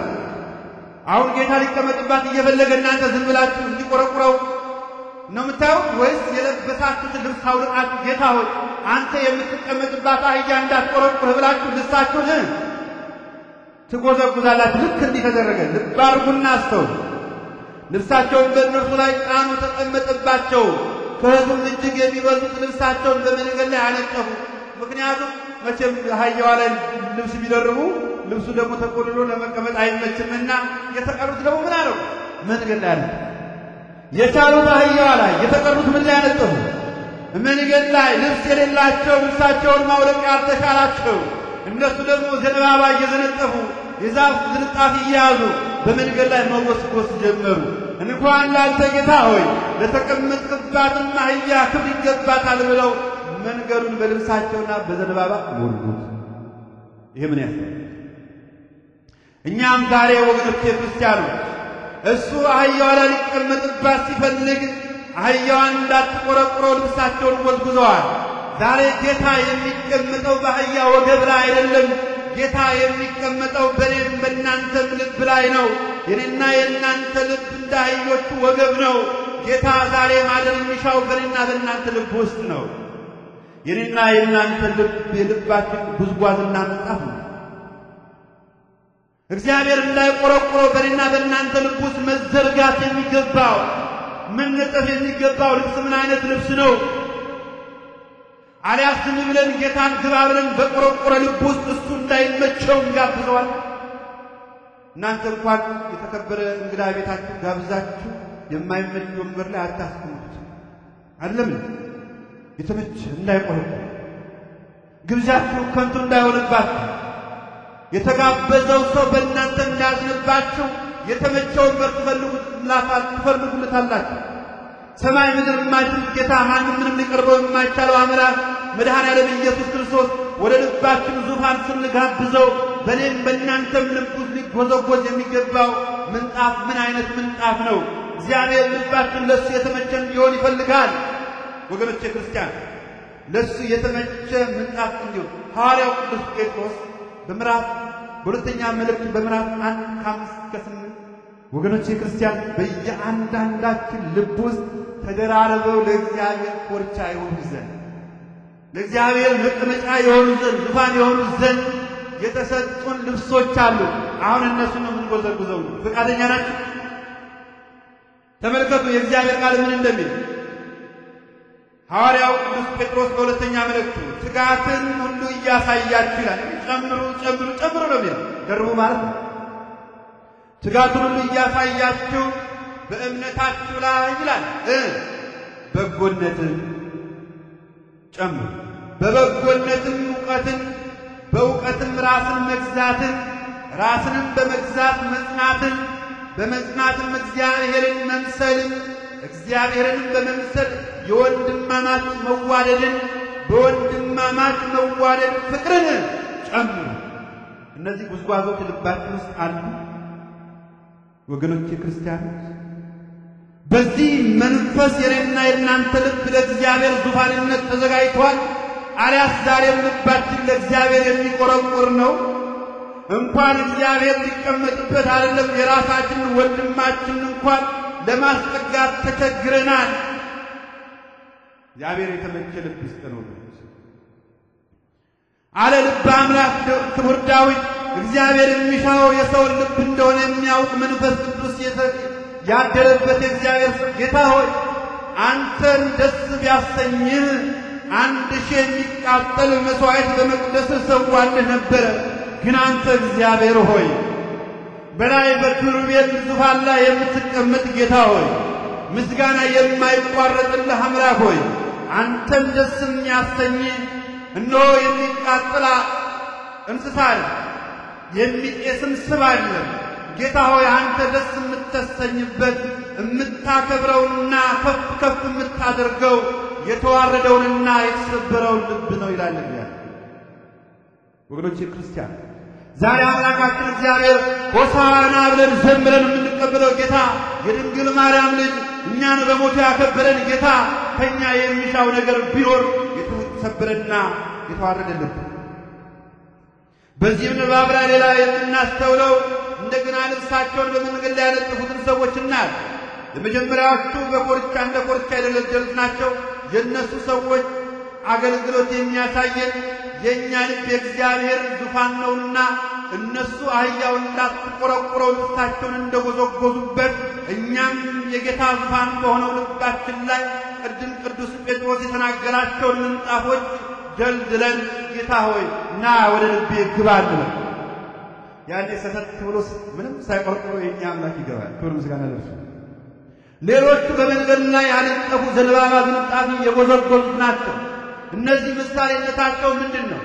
አሁን ጌታ ሊቀመጥባት እየፈለገ እናንተ ዝም ብላችሁ እንዲቆረቁረው ነው የምታዩት? ወይስ የለበሳችሁትን ልብስ አውልቃችሁ ጌታ ሆይ አንተ የምትቀመጥባት አህያ እንዳትቆረቁርህ ብላችሁ ልብሳችሁን ትጎዘጉዛላችሁ? ልክ እንዲህ ተደረገ። ልብ አድርጉና አስተውሉ። ልብሳቸውን በእነርሱ ላይ ቃኑ ተቀመጠባቸው። ከህዝብ እጅግ የሚበዙት ልብሳቸውን በመንገድ ላይ አነጠፉ። ምክንያቱም መቼም አህያዋ ላይ ልብስ ቢደርቡ ልብሱ ደግሞ ተቆልሎ ለመቀመጥ አይመችምና የተቀሩት ደግሞ ምን አለው? መንገድ ላይ አነጠፉ። የቻሉት አህያዋ ላይ፣ የተቀሩት ምን ላይ አነጠፉ? መንገድ ላይ ልብስ የሌላቸው ልብሳቸውን ማውለቅ ያልተቻላቸው እነሱ ደግሞ ዘንባባ እየዘነጠፉ የዛፍ ዝንጣፊ እየያዙ በመንገድ ላይ መወስጎስ ጀመሩ። እንኳን ላንተ ጌታ ሆይ ለተቀመጥክባትም አህያ ክብር ይገባታል ብለው መንገዱን በልብሳቸውና በዘንባባ ሞሉት። ይህ ምን ያሳያል? እኛም ዛሬ ወገኖቼ ክርስቲያኖች እሱ አህያዋ ላይ ሊቀመጥባት ሲፈልግ አህያዋን እንዳትቆረቁረው ልብሳቸውን ጎዝጉዘዋል። ዛሬ ጌታ የሚቀመጠው በአህያ ወገብ ላይ አይደለም። ጌታ የሚቀመጠው በእኔም በእናንተም ልብ ላይ ነው። የኔና የእናንተ ልብ እንደ አህዮቹ ወገብ ነው። ጌታ ዛሬ ማደር የሚሻው በኔና በእናንተ ልብ ውስጥ ነው። የኔና የእናንተ ልብ የልባችን ጉዝጓዝና መጻፍ ነው። እግዚአብሔር እንዳይቆረቆረው በኔና በእናንተ ልብ ውስጥ መዘርጋት የሚገባው መነጠፍ የሚገባው ልብስ ምን አይነት ልብስ ነው? አሊያስ ዝም ብለን ጌታን ግባ ብለን በቆረቆረ ልብ ውስጥ እሱ እንዳይመቸው እንጋብዘዋል። እናንተ እንኳን የተከበረ እንግዳ ቤታችሁ ጋብዛችሁ የማይመች ወንበር ላይ አታስቀምጡት። አለም የተመች እንዳይቆርጡ ግብዣችሁ ከንቱ እንዳይሆንባችሁ የተጋበዘው ሰው በእናንተ እንዳያዝንባችሁ የተመቸ ወንበር ትፈልጉለታላችሁ። ሰማይ ምድር የማይችል ጌታ ሃን ምንም ሊቀርበው የማይቻለው አምላክ መድኃኔ ዓለም ኢየሱስ ክርስቶስ ወደ ልባችን ዙፋን ስንጋብዘው በእኔም በእናንተም ልብ ውስጥ ሊጎዘጎዝ የሚገባው ምንጣፍ ምን አይነት ምንጣፍ ነው? እግዚአብሔር ልባችን ለእሱ የተመቸ እንዲሆን ይፈልጋል። ወገኖቼ ክርስቲያን ለእሱ የተመቸ ምንጣፍ እንዲሆን ሐዋርያው ቅዱስ ጴጥሮስ በምዕራፍ በሁለተኛ መልእክት በምዕራፍ አንድ ከአምስት እስከ ስምንት ወገኖቼ ክርስቲያን በየአንዳንዳችን ልብ ውስጥ ተደራርበው ለእግዚአብሔር ኮርቻ የሆኑ ዘንድ ለእግዚአብሔር መቀመጫ የሆኑ ዘንድ ዙፋን የሆኑ ዘንድ የተሰጡን ልብሶች አሉ። አሁን እነሱን ነው የምንጎዘጉዘው። ፈቃደኛ ናችሁ? ተመልከቱ የእግዚአብሔር ቃል ምን እንደሚል ሐዋርያው ቅዱስ ጴጥሮስ በሁለተኛ መልእክቱ ትጋትን ሁሉ እያሳያችሁ ይላል። ጨምሩ ጨምሩ ጨምሩ ነው የሚለው። ደርቡ ማለት ነው። ትጋትን ሁሉ እያሳያችሁ በእምነታችሁ ላይ ይላል በጎነትን ጨምሩ፣ በበጎነትም እውቀትን በእውቀትም ራስን መግዛትን፣ ራስንም በመግዛት መጽናትን፣ በመጽናትም እግዚአብሔርን መምሰልን፣ እግዚአብሔርንም በመምሰል የወንድማማች መዋደድን፣ በወንድማማች መዋደድ ፍቅርን ጨምሩ። እነዚህ ጉዝጓዞች ልባችን ውስጥ አሉ ወገኖች ክርስቲያን በዚህ መንፈስ የኔና የእናንተ ልብ ለእግዚአብሔር ዙፋንነት ተዘጋጅቷል። አልያስ ዛሬም ልባችን ለእግዚአብሔር የሚቆረቁር ነው። እንኳን እግዚአብሔር ሊቀመጥበት አይደለም የራሳችን ወንድማችን እንኳን ለማስጠጋት ተቸግረናል። እግዚአብሔር የተመቸ ልብ ይስጥ ነው አለ ልብ አምላክ ክቡር ዳዊት። እግዚአብሔር የሚሻው የሰው ልብ እንደሆነ የሚያውቅ መንፈስ ቅዱስ ያደረበት የእግዚአብሔር ጌታ ሆይ አንተን ደስ ቢያሰኝህ አንድ ሺህ የሚቃጠል መሥዋዕት በመቅደስ ሰዋልህ ነበረ። ግን አንተ እግዚአብሔር ሆይ በላይ በኪሩቤል ዙፋን ላይ የምትቀመጥ ጌታ ሆይ ምስጋና የማይቋረጥልህ አምላክ ሆይ አንተን ደስ የሚያሰኝ እነሆ የሚቃጠላ እንስሳል የሚጤስም ስብ አይደለም። ጌታ ሆይ አንተ ደስ የምትሰኝበት የምታከብረውና ከፍ ከፍ የምታደርገው የተዋረደውንና የተሰበረውን ልብ ነው ይላል እግዚአብሔር። ወገኖች ክርስቲያን ዛሬ አምላካችን እግዚአብሔር ሆሳዕና ብለን ዘምረን የምንቀበለው ጌታ የድንግል ማርያም ልጅ እኛን በሞቱ ያከበረን ጌታ ከእኛ የሚሻው ነገር ቢኖር የተሰበረና የተዋረደ ልብ። በዚህም ንባብ ላይ ሌላ የምናስተውለው እንደገና ልብሳቸውን በመንገድ ላይ ያነጠፉትን ሰዎች እናያለን። የመጀመሪያዎቹ በኮርቻ እንደ ኮርቻ የደለደሉት ናቸው። የእነሱ ሰዎች አገልግሎት የሚያሳየን የእኛ ልብ የእግዚአብሔር ዙፋን ነውና እነሱ አህያውን እንዳትቆረቁረው ልብሳቸውን እንደጎዘጎዙበት እኛም የጌታ ዙፋን በሆነው ልባችን ላይ ቅድም ቅዱስ ጴጥሮስ የተናገራቸውን ምንጣፎች ደልድለን ጌታ ሆይ ና ወደ ልቤ ግባ ያኔ ሰተት ብሎ ምንም ሳይቆረቁረው የእኛ አምላክ ይገባል። ክብር ምስጋና ደርሱ። ሌሎቹ በመንገድ ላይ ያነጠፉ ዘንባባ ዝንጣፊ የጎዘጎዙት ናቸው። እነዚህ ምሳሌነታቸው ምንድን ነው?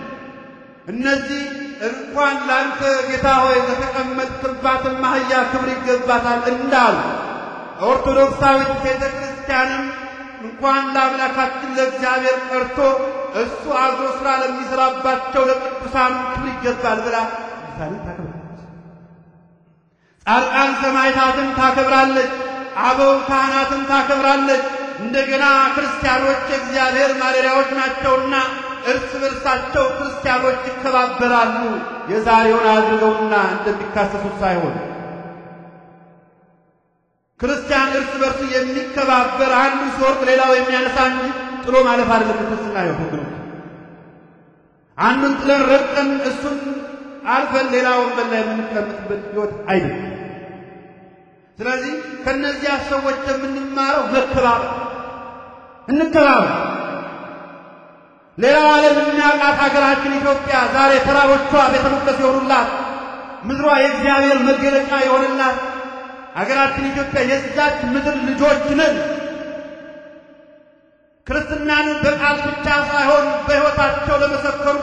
እነዚህ እንኳን ላንተ ጌታ ሆይ ለተቀመጥክባትን ማህያ ክብር ይገባታል እንዳሉ ኦርቶዶክሳዊት ቤተ ክርስቲያንም እንኳን ለአምላካችን ለእግዚአብሔር ቀርቶ እሱ አዞ ሥራ ለሚሠራባቸው ለቅዱሳን ክብር ይገባል ብላ ምሳሌ ታከብራለች። ጻድቃን ሰማዕታትን ታከብራለች። አበው ካህናትን ታከብራለች። እንደገና ክርስቲያኖች የእግዚአብሔር ማደሪያዎች ናቸውና እርስ በርሳቸው ክርስቲያኖች ይከባበራሉ። የዛሬውን አድርገውና እንደሚካሰሱት ሳይሆን ክርስቲያን እርስ በርሱ የሚከባበር አንዱ ሲወርቅ ሌላው የሚያነሳ እንጂ ጥሎ ማለፍ አይደለም። ክርስትና ነው አንዱን ጥለን ረግጠን እሱን አልፈን ሌላውን በላይ የምንቀምጥበት ሕይወት አይደለም። ስለዚህ ከነዚያ ሰዎች የምንማረው መከባበር፣ እንከባበር። ሌላው ዓለም የሚያውቃት ሀገራችን ኢትዮጵያ ዛሬ ተራሮቿ ቤተ መቅደስ የሆኑላት ምድሯ የእግዚአብሔር መገለጫ የሆነላት ሀገራችን ኢትዮጵያ የዛች ምድር ልጆች ነን። ክርስትናን በቃል ብቻ ሳይሆን በሕይወታቸው ለመሰከሩ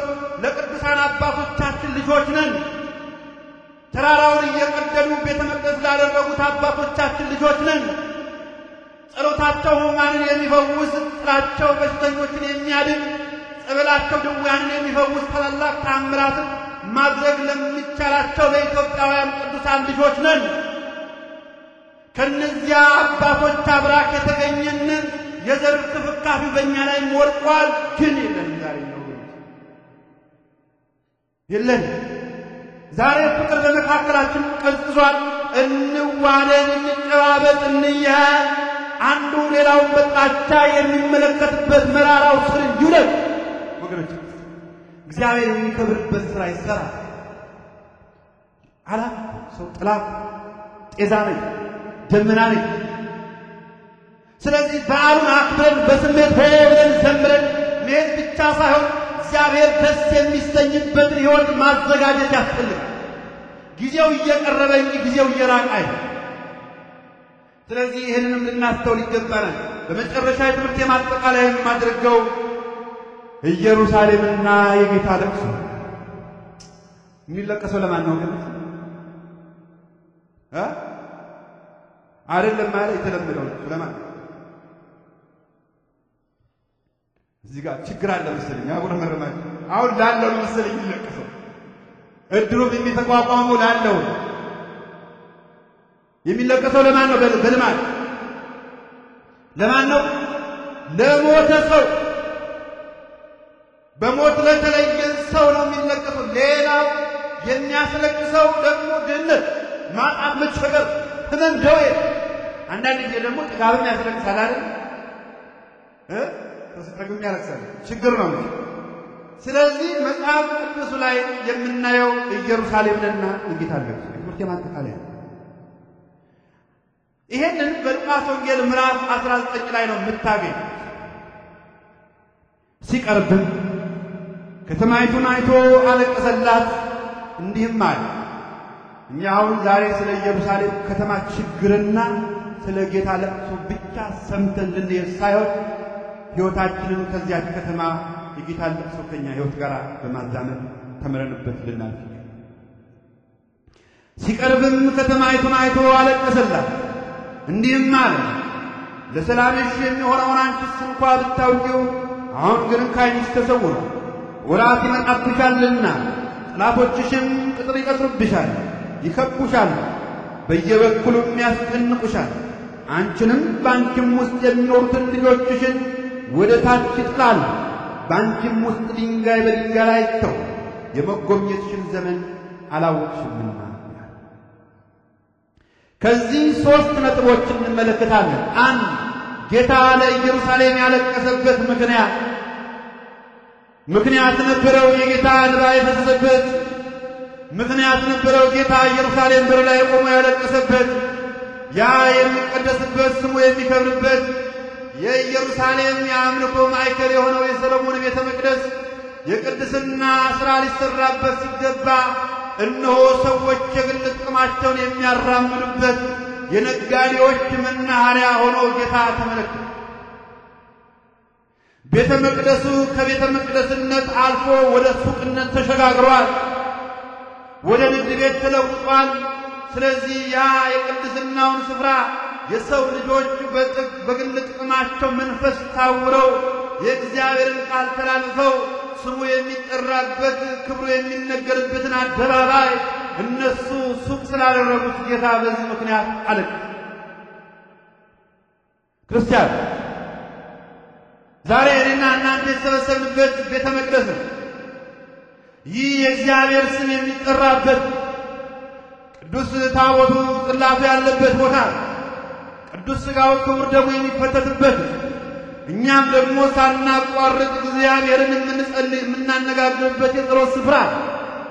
ለቅዱሳን አባቶቻችን ልጆች ነን። ተራራውን እየቀደዱ ቤተ መቅደስ ላደረጉት አባቶቻችን ልጆች ነን። ጸሎታቸው ሕሙማንን የሚፈውስ፣ ጥላቸው በሽተኞችን የሚያድን፣ ጸበላቸው ድውያንን የሚፈውስ ታላላቅ ተአምራትን ማድረግ ለሚቻላቸው ለኢትዮጵያውያን ቅዱሳን ልጆች ነን። ከእነዚያ አባቶች አብራክ የተገኘን የዘር ክፍካፊ በእኛ ላይ ወድቋል፣ ግን የለን ዛሬ ነው የለን ዛሬ ፍቅር በመካከላችን ቀዝቅዟል። እንዋደን፣ እንጨባበጥ፣ እንያ አንዱ ሌላውን በጣቻ የሚመለከትበት መራራው ስር ይውለድ። ወገኖች እግዚአብሔር የሚከብርበት ስራ ይሰራል። አላ ሰው ጥላ ጤዛ ነኝ፣ ደመና ነኝ። ስለዚህ በዓሉን አክብረን በስሜት ሆ ብለን ዘምረን መሄድ ብቻ ሳይሆን እግዚአብሔር ደስ የሚሰኝበት ሕይወት ማዘጋጀት ያስፈልጋል። ጊዜው እየቀረበ እንጂ ጊዜው እየራቀ ስለዚህ ይህንንም ልናስተውል ይገባናል። በመጨረሻ የትምህርት የማጠቃለያ የማድርገው ኢየሩሳሌምና የጌታ ለቅሶ የሚለቀሰው ለማን ነው ግን? አይደለም ማለት የተለመደው ለማን እዚህ ጋር ችግር አለ መሰለኝ ያጉረመርማል። አሁን ላለው ነው መሰለኝ የሚለቅሰው እድሩም የሚተቋቋመው ላለው የሚለቀሰው ለማን ነው? በልማት ለማን ነው? ለሞተ ሰው በሞት ለተለየን ሰው ነው የሚለቀሰው። ሌላው የሚያስለቅሰው ደግሞ ድህነት፣ ማጣት፣ መቸገር፣ ህመም፣ ደዌ አንዳንድ ጊዜ ደግሞ ጥጋብም ያስለቅሳል አይደል? ፈገግ ያለቅሳል። ችግር ነው እንጂ። ስለዚህ መጽሐፍ ቅዱሱ ላይ የምናየው ኢየሩሳሌምንና እንጌታ ልብስ የትምህርት ማጠቃለያ ይሄንን በሉቃስ ወንጌል ምዕራፍ 19 ላይ ነው የምታገኝ። ሲቀርብም ከተማይቱን አይቶ አለቀሰላት፣ እንዲህም አለ። እኛ አሁን ዛሬ ስለ ኢየሩሳሌም ከተማ ችግርና ስለ ጌታ ለቅሶ ብቻ ሰምተን ልንሄድ ሳይሆን ሕይወታችንን ከዚያች ከተማ የጌታን ልቅሶ ከኛ ሕይወት ጋር በማዛመድ ተምረንበት ልናልፍ ሲቀርብም ከተማይቱን አይቶ አለቀሰላት፣ እንዲህም አለ ለሰላምሽ የሚሆነውን አንቺስ እንኳ ብታውቂው፣ አሁን ግን ከዓይንሽ ተሰውሮ ወራት ይመጣብሻልና ጠላቶችሽም ቅጥር ይቀጥሩብሻል፣ ይከቡሻል፣ በየበኩሉም ያስጨንቁሻል። አንቺንም በአንቺም ውስጥ የሚኖሩትን ልጆችሽን ወደ ታች ይጥላሉ። በአንቺም ውስጥ ድንጋይ በድንጋይ ላይ አይተው የመጎብኘትሽን ዘመን አላወቅሽምና። ከዚህ ሦስት ነጥቦች እንመለከታለን። አንድ ጌታ ለኢየሩሳሌም ያለቀሰበት ምክንያት ምክንያት ነበረው። የጌታ እንባ የፈሰሰበት ምክንያት ነበረው። ጌታ ኢየሩሳሌም በር ላይ ቆሞ ያለቀሰበት ያ የሚቀደስበት ስሙ የሚከብርበት የኢየሩሳሌም የአምልኮ ማዕከል የሆነው የሰሎሞን ቤተ መቅደስ የቅድስና ሥራ ሊሠራበት ሲገባ እነሆ ሰዎች የግል ጥቅማቸውን የሚያራምዱበት የነጋዴዎች መናኸሪያ ሆኖ ጌታ ተመለከተ። ቤተ መቅደሱ ከቤተ መቅደስነት አልፎ ወደ ሱቅነት ተሸጋግሯል። ወደ ንግድ ቤት ተለውጧል። ስለዚህ ያ የቅድስናውን ስፍራ የሰው ልጆች በግል ጥቅማቸው መንፈስ ታውረው የእግዚአብሔርን ቃል ተላልፈው ስሙ የሚጠራበት ክብሩ የሚነገርበትን አደባባይ እነሱ ሱቅ ስላደረጉት ጌታ በዚህ ምክንያት አለቅ ክርስቲያን ዛሬ እኔና እናንተ የተሰበሰብንበት ቤተ መቅደስ ነው። ይህ የእግዚአብሔር ስም የሚጠራበት ቅዱስ ታቦቱ ጽላቱ ያለበት ቦታ ነው። ቅዱስ ሥጋው ክቡር ደግሞ የሚፈተትበት እኛም ደግሞ ሳናቋርጥ እግዚአብሔርን የምንጸልይ የምናነጋግርበት የጸሎት ስፍራ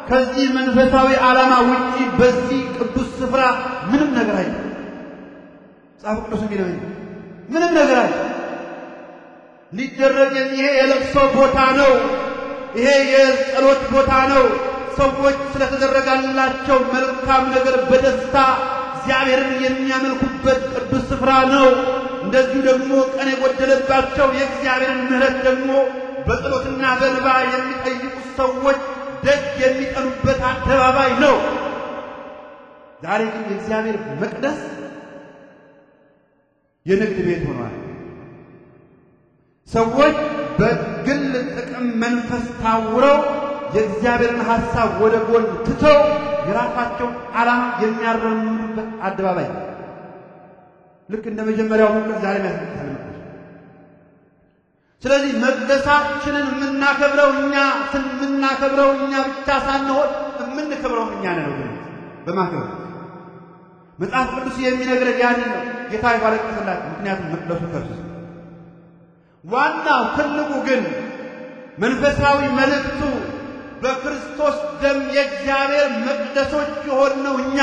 ከዚህ መንፈሳዊ ዓላማ ውጪ በዚህ ቅዱስ ስፍራ ምንም ነገር አይ መጽሐፍ ቅዱስ የሚለኝ ምንም ነገር አይ ሊደረግ ይሄ የለቅሶ ቦታ ነው። ይሄ የጸሎት ቦታ ነው። ሰዎች ስለተደረጋላቸው መልካም ነገር በደስታ እግዚአብሔርን የሚያመልኩበት ቅዱስ ስፍራ ነው። እንደዚሁ ደግሞ ቀን የጎደለባቸው የእግዚአብሔርን ምሕረት ደግሞ በጸሎትና በልባ የሚጠይቁ ሰዎች ደጅ የሚጠኑበት አደባባይ ነው። ዛሬ ግን የእግዚአብሔር መቅደስ የንግድ ቤት ሆኗል። ሰዎች በግል ጥቅም መንፈስ ታውረው የእግዚአብሔርን ሐሳብ ወደ ጎን ትተው የራሳቸውን ዓላማ የሚያራምዱበት አደባባይ ነው። ልክ እንደ መጀመሪያው ሙቀት ዛሬ ያስመልሳል። ስለዚህ መቅደሳችንን የምናከብረው እኛ የምናከብረው እኛ ብቻ ሳንሆን የምንከብረው እኛ ነው። ግን በማክበር መጽሐፍ ቅዱስ የሚነግረን ያን ነው። ጌታ ይባረክላችሁ። ምክንያቱም መቅደሱ ከርሱ ዋናው ትልቁ ግን መንፈሳዊ መልእክቱ በክርስቶስ ደም የእግዚአብሔር መቅደሶች የሆነው እኛ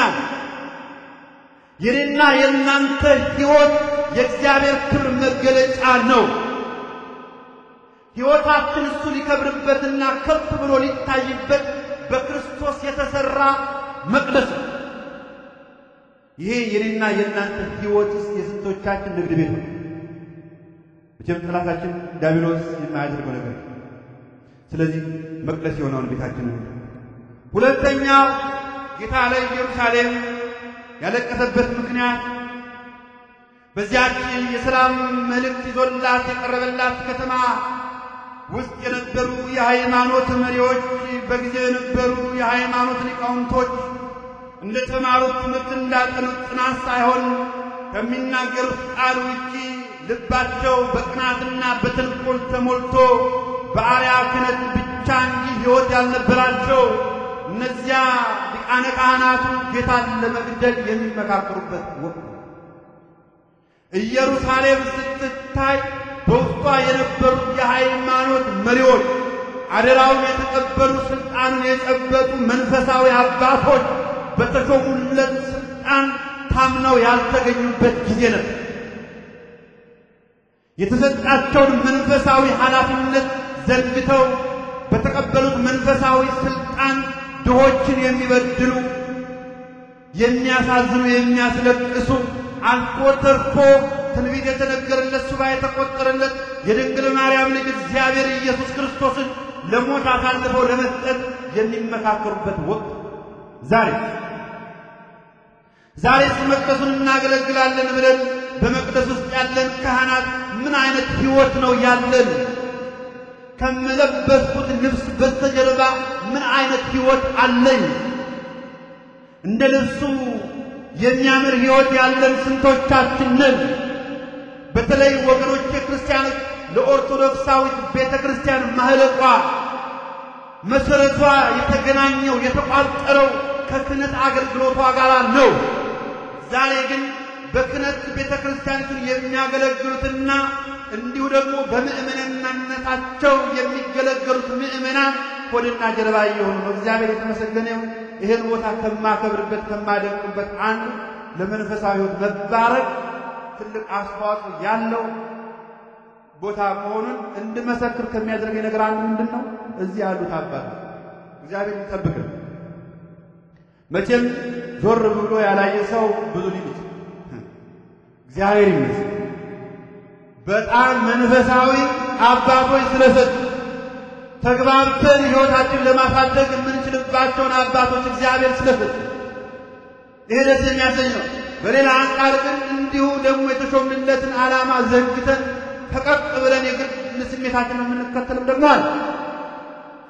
የኔና የእናንተ ሕይወት የእግዚአብሔር ክብር መገለጫ ነው። ሕይወታችን እሱ ሊከብርበትና ከፍ ብሎ ሊታይበት በክርስቶስ የተሠራ መቅደስ ነው። ይሄ የኔና የእናንተ ውስጥ የስንቶቻችን ንግድ ቤት ነው? መቼም ጠላታችን ዲያብሎስ የማያደርገው ነገር ስለዚህ መቅደስ የሆነውን ነው። ሁለተኛው ጌታ ኢየሩሳሌም ያለቀሰበት ምክንያት በዚያች የሰላም መልእክት ይዞላት የቀረበላት ከተማ ውስጥ የነበሩ የሃይማኖት መሪዎች፣ በጊዜው የነበሩ የሃይማኖት ሊቃውንቶች እንደ ተማሩ ትምህርት እንዳጠኑት ጥናት ሳይሆን ከሚናገሩት ቃል ውጪ ልባቸው በቅናትና በተንኮል ተሞልቶ ባሪያ ክህነት ብቻ እንጂ ሕይወት ያልነበራቸው እነዚያ ሊቃነ ካህናቱ ጌታን ለመግደል የሚመካከሩበት ወቅት ነው። ኢየሩሳሌም ስትታይ በውስጧ የነበሩት የሃይማኖት መሪዎች፣ አደራውን የተቀበሉ ስልጣኑን የጨበጡ መንፈሳዊ አባቶች በተሾሙለት ስልጣን ታምነው ያልተገኙበት ጊዜ ነበር። የተሰጣቸውን መንፈሳዊ ኃላፊነት ዘንግተው በተቀበሉት መንፈሳዊ ስልጣን ድሆችን የሚበድሉ የሚያሳዝኑ፣ የሚያስለቅሱ አልፎ ተርፎ ትንቢት የተነገረለት ሱባ የተቆጠረለት የድንግል ማርያም ልጅ እግዚአብሔር ኢየሱስ ክርስቶስን ለሞት አሳልፈው ለመስጠት የሚመካከሩበት ወቅት ዛሬ ዛሬ መቅደሱን እናገለግላለን ብለን በመቅደስ ውስጥ ያለን ካህናት ምን አይነት ሕይወት ነው ያለን? ከመለበስኩት ልብስ በስተጀርባ ምን አይነት ሕይወት አለኝ? እንደ ልብሱ የሚያምር ሕይወት ያለን ስንቶቻችን ነን? በተለይ ወገኖች ክርስቲያን ለኦርቶዶክሳዊት ቤተ ክርስቲያን ማህለቋ መሰረቷ የተገናኘው የተቋጠረው ከክህነት አገልግሎቷ ጋር ነው። ዛሬ ግን በክህነት ቤተ ክርስቲያኒቱን የሚያገለግሉትና እንዲሁ ደግሞ በምእመናንነታቸው የሚገለገሉት ምእመናን ሆድና ጀርባ እየሆኑ ነው። እግዚአብሔር የተመሰገነው ይህን ቦታ ከማከብርበት ከማደንቅበት አንዱ ለመንፈሳዊ ሕይወት መባረክ ትልቅ አስተዋጽኦ ያለው ቦታ መሆኑን እንድመሰክር ከሚያደርገኝ ነገር አንዱ ምንድን ነው? እዚህ ያሉት አባት እግዚአብሔር ይጠብቅን። መቼም ዞር ብሎ ያላየ ሰው ብዙ ሊል እግዚአብሔር ይመስል በጣም መንፈሳዊ አባቶች ስለሰጡ ተግባብተን ሕይወታችን ለማሳደግ የምንችልባቸውን አባቶች እግዚአብሔር ስለሰጡ ይሄ ደስ የሚያሰኘው። በሌላ አንቃር ግን እንዲሁ ደግሞ የተሾምንለትን ዓላማ ዘንግተን ተቀጥ ብለን የግል ስሜታችን የምንከተልም ደግሞ አለ።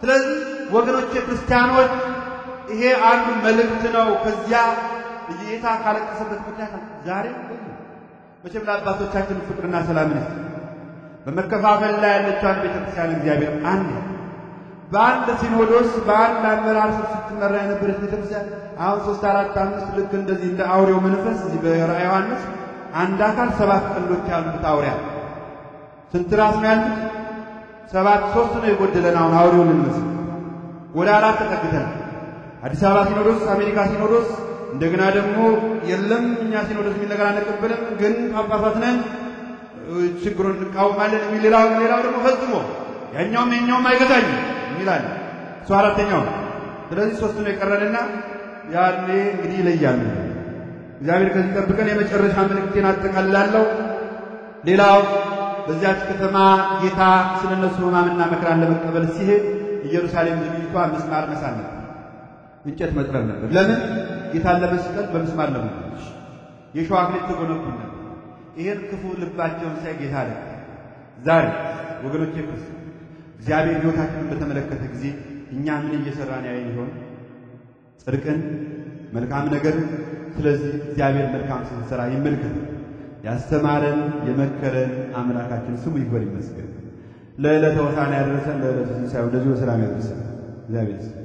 ስለዚህ ወገኖች ክርስቲያኖች፣ ይሄ አንዱ መልእክት ነው። ከዚያ እይታ ካለቀሰበት ምክንያት ዛሬ መቼም ለአባቶቻችን ፍቅርና ሰላም ይስጥ። በመከፋፈል ላይ ያለችዋን ቤተ ክርስቲያን እግዚአብሔር አንድ በአንድ ሲኖዶስ በአንድ አመራር ስትመራ የነበረች ቤተ ክርስቲያን አሁን ሶስት አራት አምስት ልክ እንደዚህ እንደ አውሬው መንፈስ እዚህ በራ ዮሐንስ አንድ አካል ሰባት ቀንዶች ያሉት አውሪያ ስንት ራስ ነው ያሉት? ሰባት ሶስት ነው የጎደለን። አሁን አውሬው ልንመስል ወደ አራት ተጠግተናል። አዲስ አበባ ሲኖዶስ፣ አሜሪካ ሲኖዶስ እንደገና ደግሞ የለም እኛ ሲኖዶስ የሚል ነገር አንቀበልም፣ ግን ጳጳሳት ነን ችግሩን እንቃወማለን የሚል ሌላው ሌላው ደግሞ ፈጽሞ ያኛውም የኛውም አይገዛኝ የሚል አለ። እሱ አራተኛው። ስለዚህ ሶስቱ ነው የቀረንና ያኔ እንግዲህ ይለያሉ። እግዚአብሔር ከዚህ ጠብቀን። የመጨረሻ መልእክቴን አጠቃልላለሁ። ሌላው በዚያች ከተማ ጌታ ስለ እነሱ ሕማምና መከራን ለመቀበል ሲሄድ ኢየሩሳሌም ዝግጅቷ ምስማር መሳል ነበር፣ እንጨት መጥረብ ነበር። ለምን ጌታን ለመስቀል በምስማር ለመለች። የሸዋ አክሊል ተጎነጉ ነበር። ይህን ክፉ ልባቸውን ሳይ ጌታ አለ። ዛሬ ወገኖች ክርስ እግዚአብሔር ሕይወታችንን በተመለከተ ጊዜ እኛ ምን እየሰራን ያይ ይሆን? ጽድቅን፣ መልካም ነገር። ስለዚህ እግዚአብሔር መልካም ስንሰራ ይመልከት። ያስተማረን የመከረን አምላካችን ስሙ ይክበር ይመስገን። ለዕለተ ወሳና ያደረሰን ለዕለተ ትንሣኤው እንደዚሁ በሰላም ያደረሰን እግዚአብሔር